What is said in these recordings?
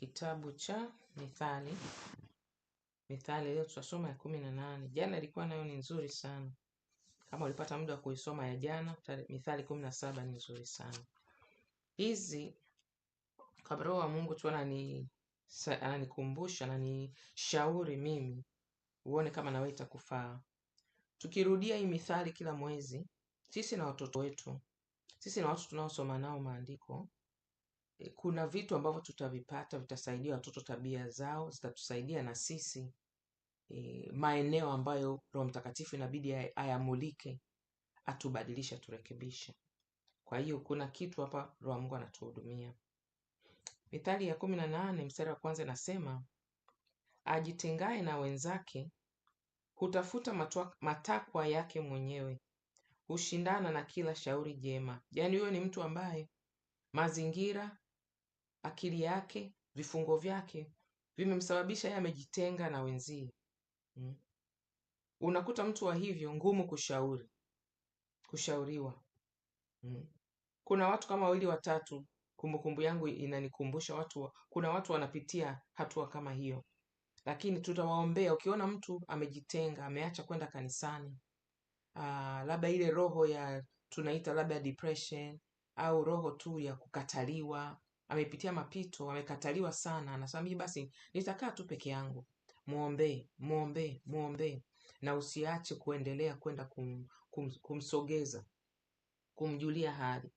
kitabu cha Mithali. Mithali leo tutasoma ya kumi na nane. Jana ilikuwa nayo ni nzuri sana, kama ulipata muda wa kuisoma ya jana. Mithali kumi na saba ni nzuri sana. Hizi kwa Roho wa Mungu tu ananikumbusha, ananishauri mimi uone kama nawe itakufaa. Tukirudia hii mithali kila mwezi, sisi na watoto wetu, sisi na watu tunaosoma nao maandiko kuna vitu ambavyo tutavipata vitasaidia watoto, tabia zao zitatusaidia na sisi e, maeneo ambayo Roho Mtakatifu inabidi ayamulike, atubadilishe, aturekebishe. Kwa hiyo kuna kitu hapa Roho Mungu anatuhudumia. Mithali ya kumi na nane mstari wa kwanza inasema, ajitengaye na wenzake hutafuta matakwa yake mwenyewe, hushindana na kila shauri jema. Yaani huyo ni mtu ambaye mazingira akili yake, vifungo vyake vimemsababisha yeye amejitenga na wenzie hmm? Unakuta mtu wa hivyo ngumu kushauri kushauriwa hmm? Kuna watu kama wawili watatu, kumbukumbu yangu inanikumbusha watu wa, kuna watu wanapitia hatua kama hiyo, lakini tutawaombea. Ukiona mtu amejitenga, ameacha kwenda kanisani, ah, labda ile roho ya tunaita labda depression au roho tu ya kukataliwa amepitia mapito, amekataliwa sana, anasema mimi basi nitakaa tu peke yangu. Mwombee, mwombee, mwombee, na usiache kuendelea kwenda kum, kum, kumsogeza, kumjulia hali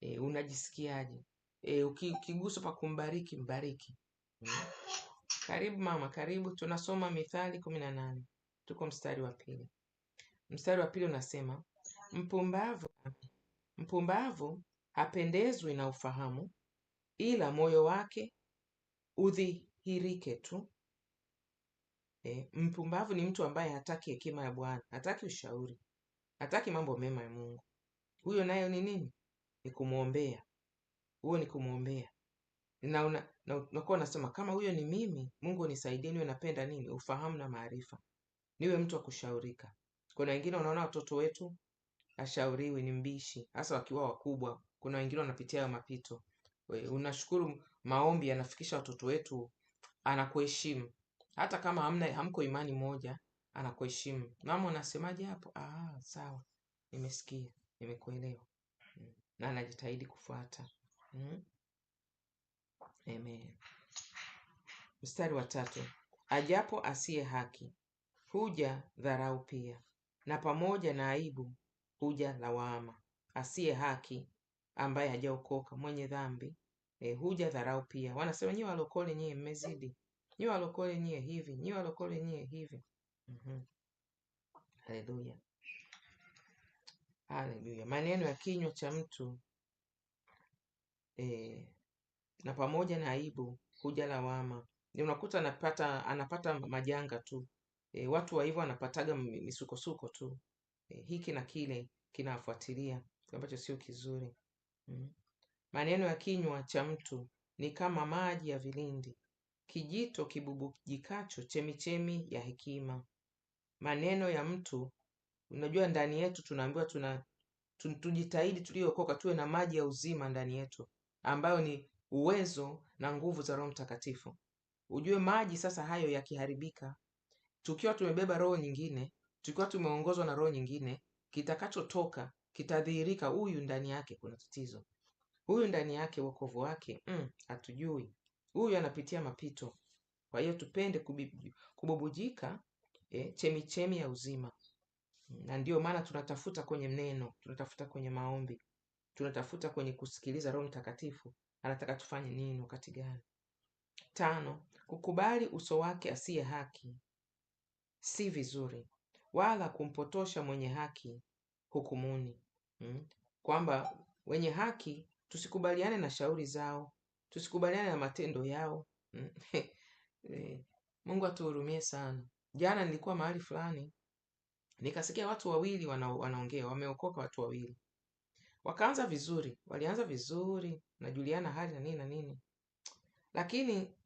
e, unajisikiaje? E, ukiguswa pa kumbariki, mbariki. Mm. Karibu mama, karibu. Tunasoma Mithali kumi na nane, tuko mstari wa pili. Mstari wa pili unasema mpumbavu, mpumbavu hapendezwi na ufahamu, ila moyo wake udhihirike tu. E, mpumbavu ni mtu ambaye hataki hekima ya Bwana, hataki ushauri, hataki mambo mema ya Mungu. Huyo nayo ni nini? Ni kumwombea. Huo ni kumwombea nakuwa na na, na, unasema kama huyo ni mimi, Mungu nisaidie, niwe napenda nini, ufahamu na maarifa, niwe mtu wa kushaurika. Kuna wengine unaona watoto wetu ashauriwi, ni mbishi, hasa wakiwa wakubwa. Kuna wengine wanapitia hayo mapito. Unashukuru maombi anafikisha watoto wetu, anakuheshimu hata kama hamna hamko imani moja, anakuheshimu. Mama unasemaje hapo? Ah, sawa, nimesikia, nimekuelewa. Mm. Na anajitahidi kufuata. Mm. Amen. Mstari wa tatu, ajapo asiye haki huja dharau pia, na pamoja na aibu huja lawama. Asiye haki ambaye hajaokoka mwenye dhambi e, eh, huja dharau pia. Wanasema nyiwe walokole nyie mmezidi, nyiwe walokole nyie hivi, nyiwe walokole nyie hivi. mm-hmm. Haleluya, haleluya. Maneno ya kinywa cha mtu e, na pamoja na aibu huja lawama. Unakuta anapata anapata majanga tu e, watu wa hivyo wanapataga misukosuko tu e, hiki na kile kinawafuatilia ambacho sio kizuri. Mm-hmm. Maneno ya kinywa cha mtu ni kama maji ya vilindi, kijito kibubujikacho chemichemi ya hekima. Maneno ya mtu, unajua ndani yetu tunaambiwa tuna tujitahidi tuliokoka tuwe na maji ya uzima ndani yetu ambayo ni uwezo na nguvu za Roho Mtakatifu. Ujue maji sasa hayo yakiharibika, tukiwa tumebeba roho nyingine, tukiwa tumeongozwa na roho nyingine, kitakachotoka kitadhihirika, huyu ndani yake kuna tatizo, huyu ndani yake wokovu wake mm, hatujui, mm, huyu anapitia mapito. Kwa hiyo tupende kububujika eh, chemichemi ya uzima, na ndiyo maana tunatafuta kwenye mneno tunatafuta kwenye maombi, tunatafuta kwenye kusikiliza Roho Mtakatifu anataka tufanye nini wakati gani. Tano, kukubali uso wake asiye haki si vizuri, wala kumpotosha mwenye haki hukumuni mm, kwamba wenye haki tusikubaliane na shauri zao, tusikubaliane na matendo yao hmm? eh, Mungu atuhurumie sana. Jana nilikuwa mahali fulani nikasikia watu wawili wana, wanaongea wameokoka watu wawili, wakaanza vizuri, walianza vizuri, najuliana hali na nini na nini, lakini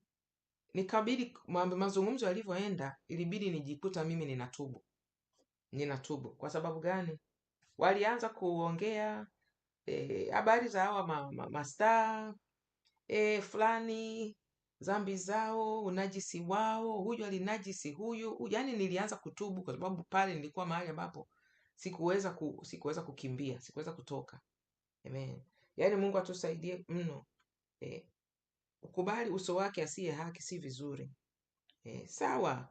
nikabidi mazungumzo yalivyoenda, ilibidi nijikuta mimi ninatubu, ninatubu. Kwa sababu gani? walianza kuongea eh, habari e, za hawa ma, ma, mastaa e, fulani zambi zao, unajisi wao, huyu alinajisi huyu. Yaani nilianza kutubu kwa sababu pale nilikuwa mahali ambapo sikuweza ku, sikuweza kukimbia, sikuweza kutoka. Amen. Yaani Mungu atusaidie mno. E, ukubali uso wake asiye haki si vizuri. E, sawa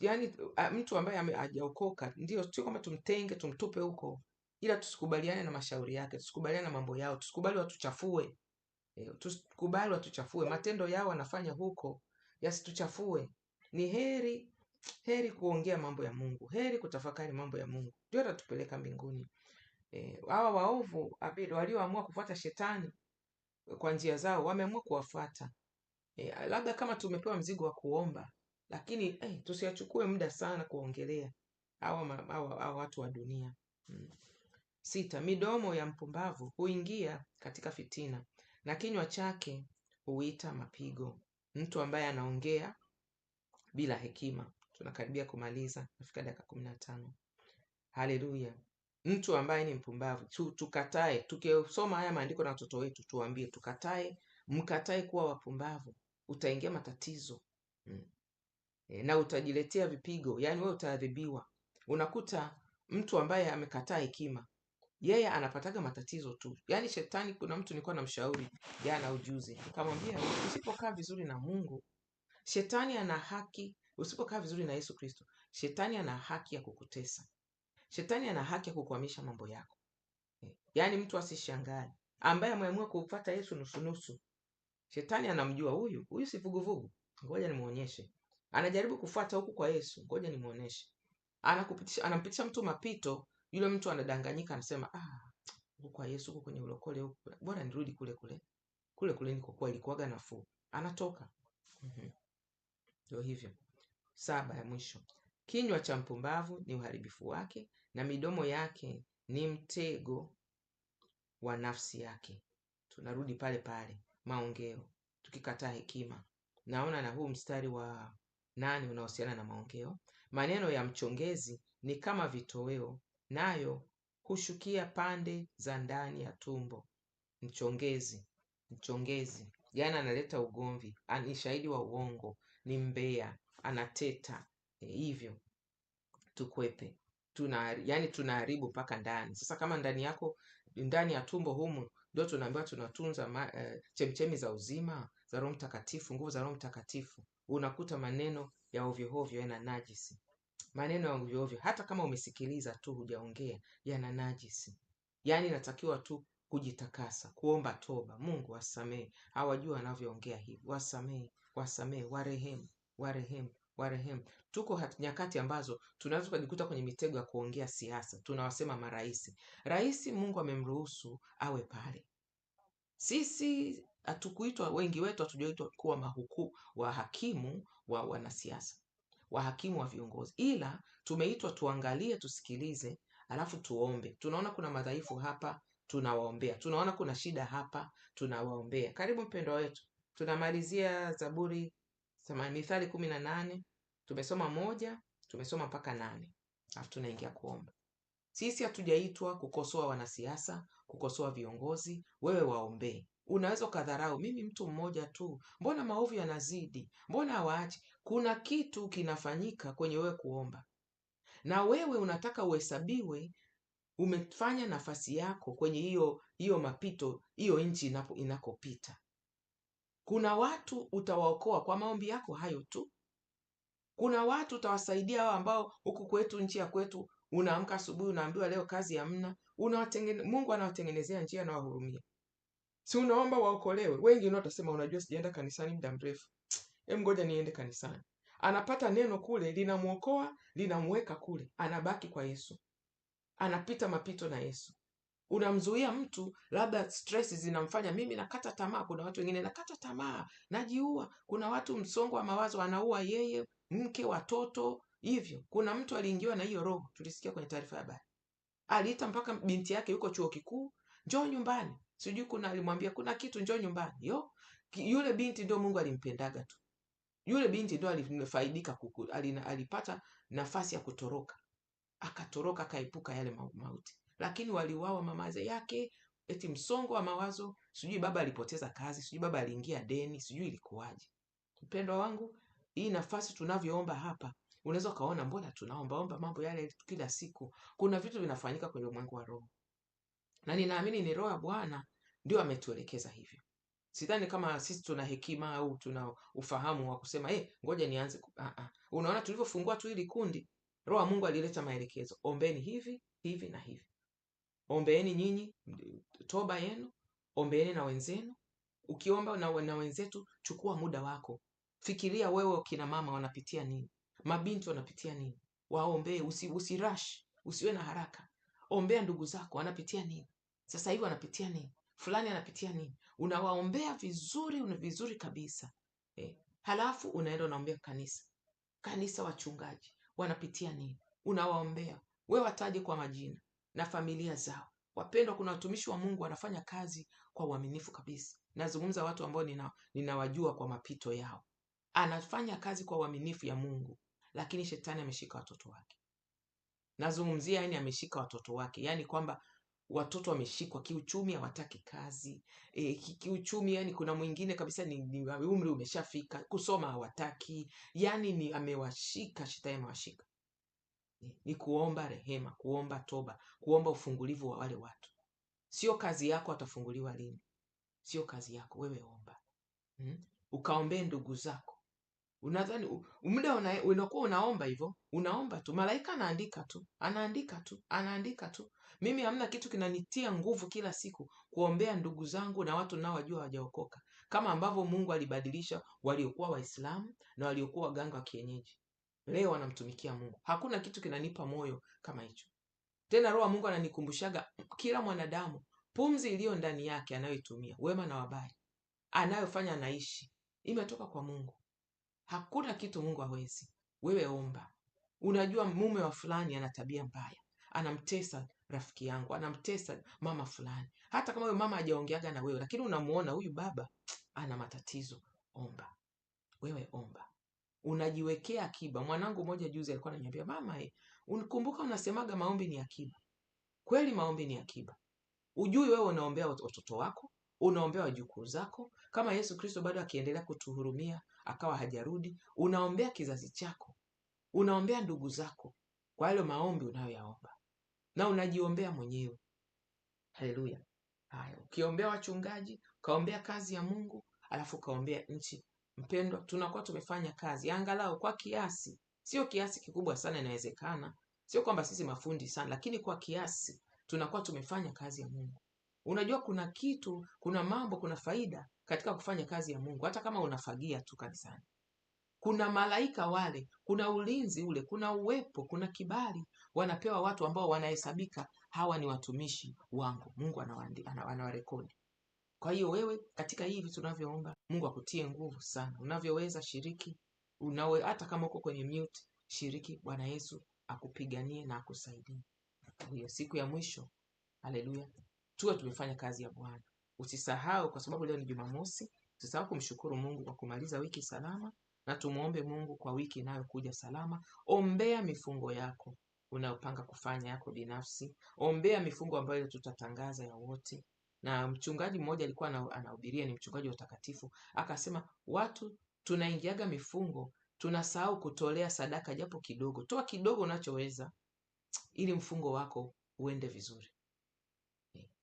yani mtu ambaye hajaokoka ndio, sio kwamba tumtenge tumtupe huko, ila tusikubaliane na mashauri yake, tusikubaliane na mambo yao, tusikubali watuchafue e, tusikubali watuchafue. Matendo yao wanafanya huko yasituchafue. Ni heri heri kuongea mambo ya Mungu, heri kutafakari mambo ya Mungu, ndio atatupeleka mbinguni. E, hawa e, waovu walioamua kufuata shetani kwa njia zao wameamua kuwafuata. E, labda kama tumepewa mzigo wa kuomba lakini eh, tusiachukue muda sana kuongelea hawa, hawa, watu wa dunia hmm. Sita, midomo ya mpumbavu huingia katika fitina na kinywa chake huita mapigo. Mtu ambaye anaongea bila hekima. Tunakaribia kumaliza, nafika dakika kumi na tano. Haleluya! Mtu ambaye ni mpumbavu tu, tukatae. Tukisoma haya maandiko na watoto wetu, tuambie tukatae, mkatae kuwa wapumbavu, utaingia matatizo hmm e, na utajiletea vipigo, yani wewe utaadhibiwa. Unakuta mtu ambaye amekataa hekima yeye anapataga matatizo tu. yani shetani, kuna mtu nilikuwa namshauri jana au juzi, nikamwambia usipokaa vizuri na Mungu, shetani ana haki. Usipokaa vizuri na Yesu Kristo, shetani ana haki ya kukutesa, shetani ana haki ya kukwamisha mambo yako. Eh, yani mtu asishangae ambaye ameamua kuupata Yesu nusunusu, shetani anamjua huyu huyu, si vuguvugu, ngoja nimuonyeshe anajaribu kufuata huku kwa Yesu, ngoja nimuoneshe. Anakupitisha, anampitisha mtu mapito, yule mtu anadanganyika, anasema ah, huku kwa Yesu huku kwenye ulokole huku, bora nirudi kule kule kule kule nikokuwa, ilikuwaga nafuu. Anatoka mhm. ndio. mm-hmm. Hivyo saba ya mwisho, kinywa cha mpumbavu ni uharibifu wake, na midomo yake ni mtego wa nafsi yake. Tunarudi pale pale maongeo, tukikataa hekima. Naona na huu mstari wa nani unaohusiana na maongeo. Maneno ya mchongezi ni kama vitoweo, nayo hushukia pande za ndani ya tumbo. Mchongezi, mchongezi, jana yaani analeta ugomvi, ni shahidi wa uongo, ni mbea, anateta e, hivyo tukwepe. Tuna, yani tunaharibu mpaka ndani. Sasa kama ndani yako ndani ya tumbo humu ndio tunaambiwa tunatunza uh, chemchemi za uzima za Roho Mtakatifu, nguvu za Roho Mtakatifu, unakuta maneno ya ovyoovyo yana najisi, maneno ya ovyoovyo, hata kama umesikiliza tu hujaongea, yana najisi. Yaani inatakiwa tu kujitakasa, kuomba toba, Mungu wasamehe, hawajua wanavyoongea hivi, wasamehe, wasamehe, warehemu, warehemu warehemu. Tuko nyakati ambazo tunaweza tukajikuta kwenye mitego ya kuongea siasa, tunawasema marahisi rahisi Mungu amemruhusu awe pale. Sisi hatukuitwa wengi wetu hatujaitwa kuwa mahuku wahakimu wa wanasiasa wahakimu wa viongozi ila tumeitwa tuangalie tusikilize alafu tuombe tunaona kuna madhaifu hapa tunawaombea tunaona kuna shida hapa tunawaombea karibu mpendwa wetu tunamalizia zaburi mithali kumi na nane tumesoma moja tumesoma mpaka nane alafu tunaingia kuomba sisi hatujaitwa kukosoa wanasiasa kukosoa viongozi wewe waombee Unaweza ukadharau, mimi mtu mmoja tu, mbona maovu yanazidi, mbona awaachi Kuna kitu kinafanyika kwenye wewe kuomba, na wewe unataka uhesabiwe umefanya nafasi yako kwenye hiyo hiyo mapito, hiyo nchi inakopita. Kuna watu utawaokoa kwa maombi yako hayo tu. Kuna watu utawasaidia hao ambao huku kwetu, nchi ya kwetu, unaamka asubuhi unaambiwa leo kazi hamna, Mungu anawatengenezea njia, anawahurumia si unaomba waokolewe. Wengi ndio watasema, unajua sijaenda kanisani muda mrefu, hem, ngoja niende kanisani. Anapata neno kule, linamuokoa linamweka kule, anabaki kwa Yesu, anapita mapito na Yesu. Unamzuia mtu, labda stress zinamfanya, mimi nakata tamaa. Kuna watu wengine nakata tamaa, najiua. Kuna watu msongo wa mawazo anaua yeye, mke, watoto, hivyo. Kuna mtu aliingiwa na hiyo roho, tulisikia kwenye taarifa ya habari, aliita mpaka binti yake yuko chuo kikuu, njoo nyumbani sijui kuna alimwambia kuna kitu njoo nyumbani yo yule binti ndio mungu alimpendaga tu yule binti ndio alifaidika kuku, alipata nafasi ya kutoroka akatoroka akaepuka yale mauti lakini waliwawa mamaze yake eti msongo wa mawazo sijui baba alipoteza kazi sijui baba aliingia deni sijui ilikuwaje mpendwa wangu hii nafasi tunavyoomba hapa unaweza ukaona mbona tunaombaomba mambo yale kila siku kuna vitu vinafanyika kwenye ulimwengu wa roho na ninaamini ni roho ya bwana ndio ametuelekeza hivyo. Sidhani kama sisi tuna hekima au tuna ufahamu wa kusema eh, ngoja nianze. Ah, ah. Unaona, tulivyofungua tu hili kundi, Roho wa Mungu alileta maelekezo, ombeni hivi hivi na hivi, ombeeni nyinyi toba yenu, ombeeni na wenzenu. Ukiomba na, na wenzetu, chukua muda wako, fikiria wewe, kina mama wanapitia nini, mabinti wanapitia nini, waombee. Usi, usirash, usiwe na haraka. Ombea ndugu zako, wanapitia nini sasa hivi, wanapitia nini fulani anapitia nini unawaombea vizuri una vizuri kabisa eh. halafu unaenda unaombea kanisa kanisa wachungaji wanapitia nini unawaombea we wataje kwa majina na familia zao wapendwa kuna watumishi wa mungu wanafanya kazi kwa uaminifu kabisa nazungumza watu ambao ninawajua nina, kwa mapito yao anafanya kazi kwa uaminifu ya mungu lakini shetani ameshika watoto wake nazungumzia yani ameshika watoto wake yani kwamba watoto wameshikwa kiuchumi, hawataki kazi e, kiuchumi yani kuna mwingine kabisa ni, ni umri umeshafika, kusoma hawataki, yani ni amewashika, shetani amewashika. E, ni kuomba rehema, kuomba toba, kuomba ufungulivu wa wale watu. Sio kazi yako atafunguliwa lini, sio kazi yako, wewe omba. Hmm? Ukaombee ndugu zako Unadhani muda una, unakuwa unaomba hivyo, unaomba tu, malaika anaandika tu, anaandika tu, anaandika tu. Mimi hamna kitu kinanitia nguvu kila siku kuombea ndugu zangu na watu ninaowajua wajaokoka kama ambavyo Mungu alibadilisha waliokuwa Waislamu na waliokuwa waganga wa kienyeji, leo wanamtumikia Mungu. Hakuna kitu kinanipa moyo kama hicho. Tena Roho Mungu ananikumbushaga kila mwanadamu pumzi iliyo ndani yake anayoitumia, wema na wabaya, anayofanya anaishi, imetoka kwa Mungu. Hakuna kitu Mungu hawezi. Wewe omba. Unajua mume wa fulani ana tabia mbaya, anamtesa rafiki yangu, anamtesa mama fulani. Hata kama huyo mama hajaongeaga na wewe, lakini unamuona huyu baba ana matatizo. Omba wewe, omba unajiwekea akiba. Mwanangu mmoja juzi alikuwa ananiambia mama, eh, unikumbuka unasemaga maombi ni akiba. Kweli maombi ni akiba. Ujui wewe unaombea watoto wako, unaombea wajukuu zako. Kama Yesu Kristo bado akiendelea kutuhurumia, akawa hajarudi, unaombea kizazi chako, unaombea ndugu zako kwa yale maombi unayoyaomba na unajiombea mwenyewe. Haleluya! Haya, ukiombea wachungaji, ukaombea kazi ya Mungu, alafu ukaombea nchi. Mpendwa, tunakuwa tumefanya kazi angalau kwa kiasi, sio kiasi kikubwa sana, inawezekana sio kwamba sisi mafundi sana, lakini kwa kiasi tunakuwa tumefanya kazi ya Mungu. Unajua kuna kitu, kuna mambo, kuna faida katika kufanya kazi ya Mungu, hata kama unafagia tu kanisani. Kuna malaika wale, kuna ulinzi ule, kuna uwepo, kuna kibali wanapewa watu ambao wanahesabika, hawa ni watumishi wangu. Mungu anawarekodi. Kwa hiyo wewe, katika hivi tunavyoomba, Mungu akutie nguvu sana, unavyoweza shiriki unawe, hata kama uko kwenye mute shiriki. Bwana Yesu akupiganie na akusaidie. Hiyo siku ya mwisho, haleluya, tuwe tumefanya kazi ya Bwana. Usisahau kwa sababu leo ni Jumamosi, usisahau kumshukuru Mungu kwa kumaliza wiki salama, na tumwombe Mungu kwa wiki inayokuja salama. Ombea mifungo yako unayopanga kufanya yako binafsi, ombea mifungo ambayo tutatangaza ya wote. Na mchungaji mmoja alikuwa anahubiria, ni mchungaji wa utakatifu, akasema watu tunaingiaga mifungo tunasahau kutolea sadaka japo kidogo. Toa kidogo unachoweza ili mfungo wako uende vizuri.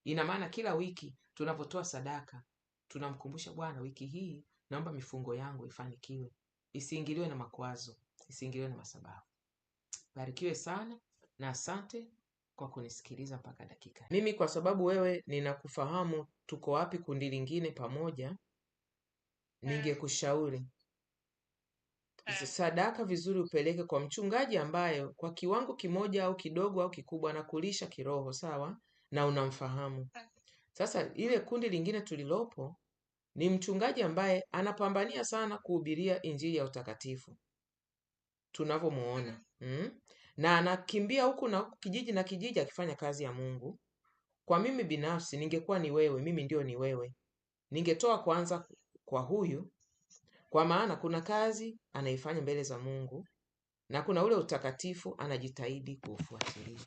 Ina maana kila wiki Tunapotoa sadaka, tunamkumbusha Bwana, wiki hii naomba mifungo yangu ifanikiwe, isiingiliwe na makwazo, isiingiliwe na masababu. Barikiwe sana na asante kwa kunisikiliza mpaka dakika. Mimi kwa sababu wewe ninakufahamu, tuko wapi kundi lingine pamoja, ningekushauri eh. sadaka vizuri upeleke kwa mchungaji ambayo kwa kiwango kimoja au kidogo au kikubwa anakulisha kiroho, sawa, na unamfahamu. Eh. Sasa ile kundi lingine tulilopo ni mchungaji ambaye anapambania sana kuhubiria injili ya utakatifu tunavyomuona mm? na anakimbia huku na huku kijiji na kijiji akifanya kazi ya Mungu. Kwa mimi binafsi, ningekuwa ni wewe, mimi ndio ni wewe, ningetoa kwanza kwa huyu, kwa maana kuna kazi anaifanya mbele za Mungu na kuna ule utakatifu anajitahidi kuufuatilia.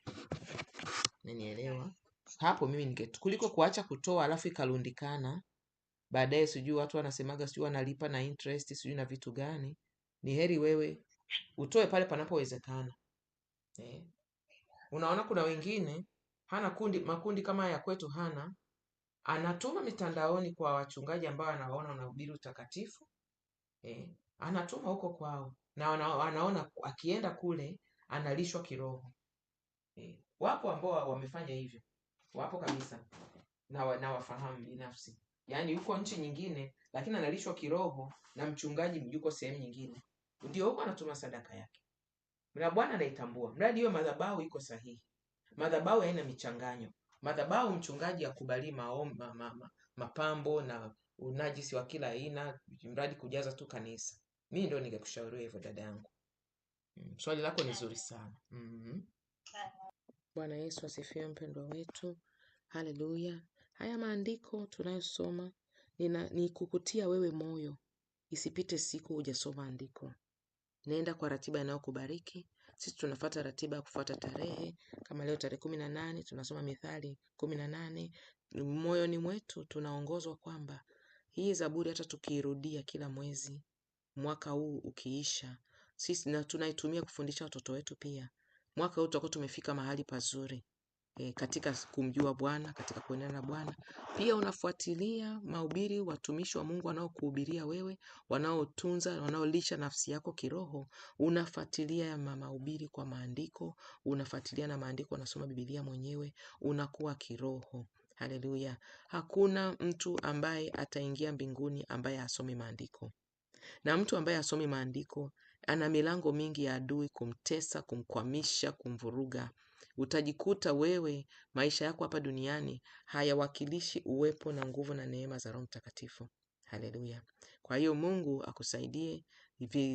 Nanielewa? hapo mimi ningetu kuliko kuacha kutoa alafu ikarundikana baadaye, sijui watu wanasemaga sijui wanalipa na interest sijui na vitu gani. Ni heri wewe utoe pale panapowezekana eh. Unaona, kuna wengine hana kundi, makundi kama ya kwetu hana, anatuma mitandaoni kwa wachungaji ambao anawaona wanahubiri utakatifu eh, anatuma huko kwao na anaona akienda kule analishwa kiroho eh. Wapo ambao wamefanya hivyo wapo kabisa na, nawafahamu binafsi yaani yuko nchi nyingine lakini analishwa kiroho na mchungaji mjuko sehemu nyingine ndio huko anatuma sadaka yake na bwana anaitambua mradi hiyo madhabahu iko sahihi madhabahu haina michanganyo madhabahu mchungaji akubali maomba ma, ma, mapambo na unajisi wa kila aina mradi kujaza tu kanisa mi ndo ningekushauriwa hivyo dada yangu mm. swali lako ni zuri sana mm-hmm. Bwana Yesu asifiwe, mpendwa wetu. Haleluya! Haya maandiko tunayosoma nina, ni kukutia wewe moyo, isipite siku hujasoma andiko. Nenda kwa ratiba inayokubariki. Sisi tunafata ratiba ya kufuata tarehe. Kama leo tarehe kumi na nane tunasoma Mithali kumi na nane moyoni mwetu tunaongozwa kwamba hii Zaburi hata tukiirudia kila mwezi, mwaka huu ukiisha, sisi na tunaitumia kufundisha watoto wetu pia mwaka huu tutakuwa tumefika mahali pazuri e, katika kumjua Bwana, katika kuenenda na Bwana. Pia unafuatilia mahubiri watumishi wa Mungu wanaokuhubiria wewe, wanaotunza, wanaolisha nafsi yako kiroho. Unafuatilia mahubiri kwa maandiko, unafuatilia na maandiko, unasoma Biblia mwenyewe, unakuwa kiroho. Haleluya! Hakuna mtu ambaye ataingia mbinguni ambaye hasomi maandiko, na mtu ambaye hasomi maandiko ana milango mingi ya adui kumtesa, kumkwamisha, kumvuruga. Utajikuta wewe maisha yako hapa duniani hayawakilishi uwepo na nguvu na neema za Roho Mtakatifu. Haleluya! Kwa hiyo Mungu akusaidie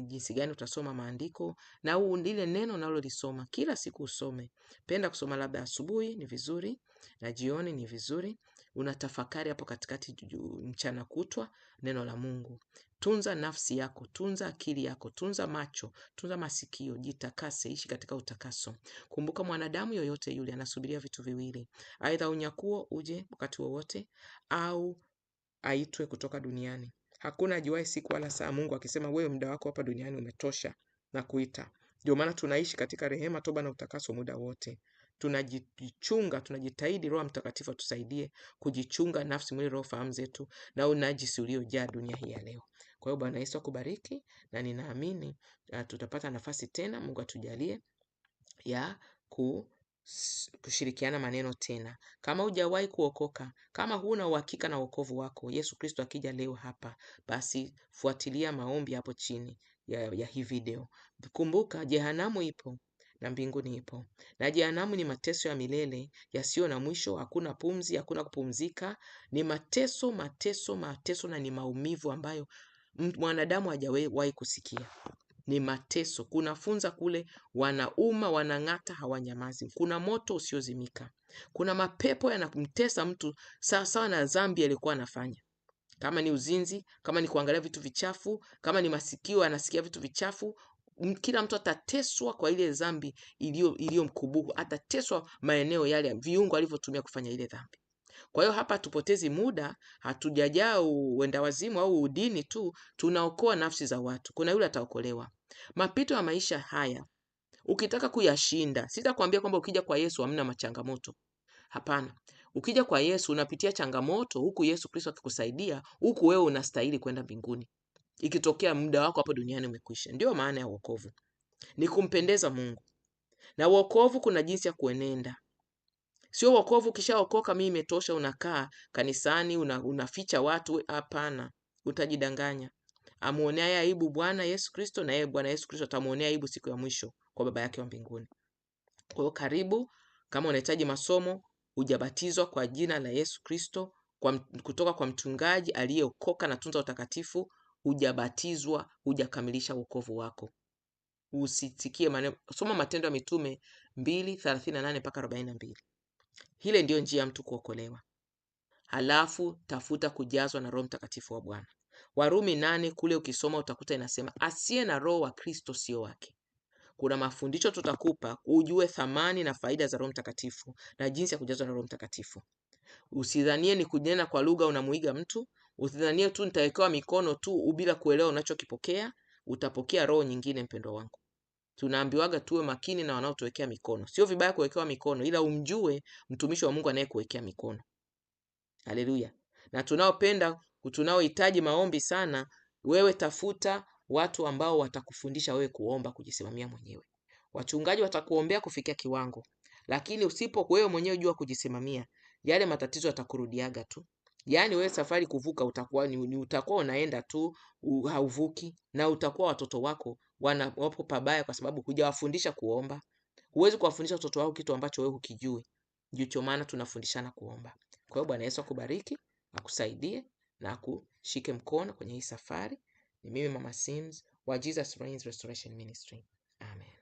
jinsi gani utasoma maandiko na huu lile neno unalolisoma kila siku usome. Penda kusoma labda asubuhi ni vizuri, na jioni ni vizuri, unatafakari hapo katikati, mchana kutwa neno la Mungu. Tunza nafsi yako, tunza akili yako, tunza macho, tunza masikio, jitakase, ishi katika utakaso. Kumbuka mwanadamu yoyote yule anasubiria vitu viwili, aidha unyakuo uje wakati wowote au aitwe kutoka duniani. Hakuna ajuae siku wala saa, Mungu akisema wewe muda wako hapa duniani umetosha na kuita. Ndio maana tunaishi katika rehema, toba na utakaso muda wote. Tunajichunga, tunajitahidi, Roho Mtakatifu atusaidie kujichunga nafsi, mwili, roho, fahamu zetu na unajisi uliojaa dunia hii ya leo. Kwa hiyo Bwana Yesu akubariki na ninaamini uh, tutapata nafasi tena, Mungu atujalie ya ku kushirikiana maneno tena. Kama hujawahi kuokoka, kama huna uhakika na wokovu wako, Yesu Kristo akija leo hapa, basi fuatilia maombi hapo chini ya, ya hii video. Kumbuka jehanamu ipo na mbinguni ipo, na jehanamu ni mateso ya milele yasiyo na mwisho. Hakuna pumzi, hakuna kupumzika, ni mateso, mateso, mateso, na ni maumivu ambayo mwanadamu hajawahi kusikia ni mateso. Kuna funza kule, wanauma, wanang'ata, hawanyamazi. Kuna moto usiozimika, kuna mapepo yanamtesa mtu sawasawa na zambi aliyokuwa anafanya, kama ni uzinzi, kama ni kuangalia vitu vichafu, kama ni masikio anasikia vitu vichafu. Kila mtu atateswa kwa ile zambi iliyo- mkubuhu atateswa maeneo yale, viungo alivyotumia kufanya ile dhambi. Kwa hiyo hapa hatupotezi muda, hatujajaa uenda wazimu au udini tu, tunaokoa nafsi za watu. Kuna yule ataokolewa. Mapito ya maisha haya ukitaka kuyashinda, sitakwambia kwamba ukija kwa Yesu hamna machangamoto. Hapana, ukija kwa Yesu unapitia changamoto, huku Yesu Kristo akikusaidia, huku wewe unastahili kwenda mbinguni, ikitokea muda wako hapo duniani umekwisha. Ndiyo maana ya wokovu, ni kumpendeza Mungu, na wokovu kuna jinsi ya kuenenda. Sio wokovu ukishaokoka, mimi imetosha, unakaa kanisani una, unaficha watu. Hapana, utajidanganya. Amuoneaye aibu Bwana Yesu Kristo, na yeye Bwana Yesu Kristo atamuonea aibu siku ya mwisho kwa Baba yake wa mbinguni. Kwa hiyo karibu, kama unahitaji masomo, hujabatizwa kwa jina la Yesu Kristo kwa, kutoka kwa mchungaji aliyeokoka na tunza utakatifu, hujabatizwa, hujakamilisha wokovu wako. Usitikie maneno, soma Matendo ya Mitume mbili thelathini na nane mpaka arobaini na mbili. Hile ndiyo njia mtu kuokolewa. Halafu tafuta kujazwa na Roho Mtakatifu wa Bwana. Warumi nane kule ukisoma utakuta inasema asiye na roho wa Kristo sio wake. Kuna mafundisho tutakupa ujue thamani na faida za Roho Mtakatifu na jinsi ya kujazwa na Roho Mtakatifu. Usidhanie ni kunena kwa lugha unamuiga mtu, usidhanie tu nitawekewa mikono tu bila kuelewa unachokipokea. Utapokea roho nyingine, mpendwa wangu tunaambiwaga tuwe makini na wanaotuwekea mikono. Sio vibaya kuwekewa mikono, ila umjue mtumishi wa Mungu anayekuwekea mikono. Haleluya! Na tunaopenda tunaohitaji maombi sana, wewe tafuta watu ambao watakufundisha wewe kuomba, kujisimamia mwenyewe. Wachungaji watakuombea kufikia kiwango, lakini usipo wewe mwenyewe jua kujisimamia, yale matatizo yatakurudiaga tu. Yaani wewe safari kuvuka utakuwa ni, ni utakuwa unaenda tu hauvuki, na utakuwa watoto wako wana wapo pabaya kwa sababu hujawafundisha kuomba. Huwezi kuwafundisha watoto wao kitu ambacho wewe hukijui. Ndicho maana tunafundishana kuomba. Kwa hiyo Bwana Yesu akubariki, akusaidie na akushike mkono kwenye hii safari. Ni mimi Mama Sims wa Jesus Reigns Restoration Ministry. Amen.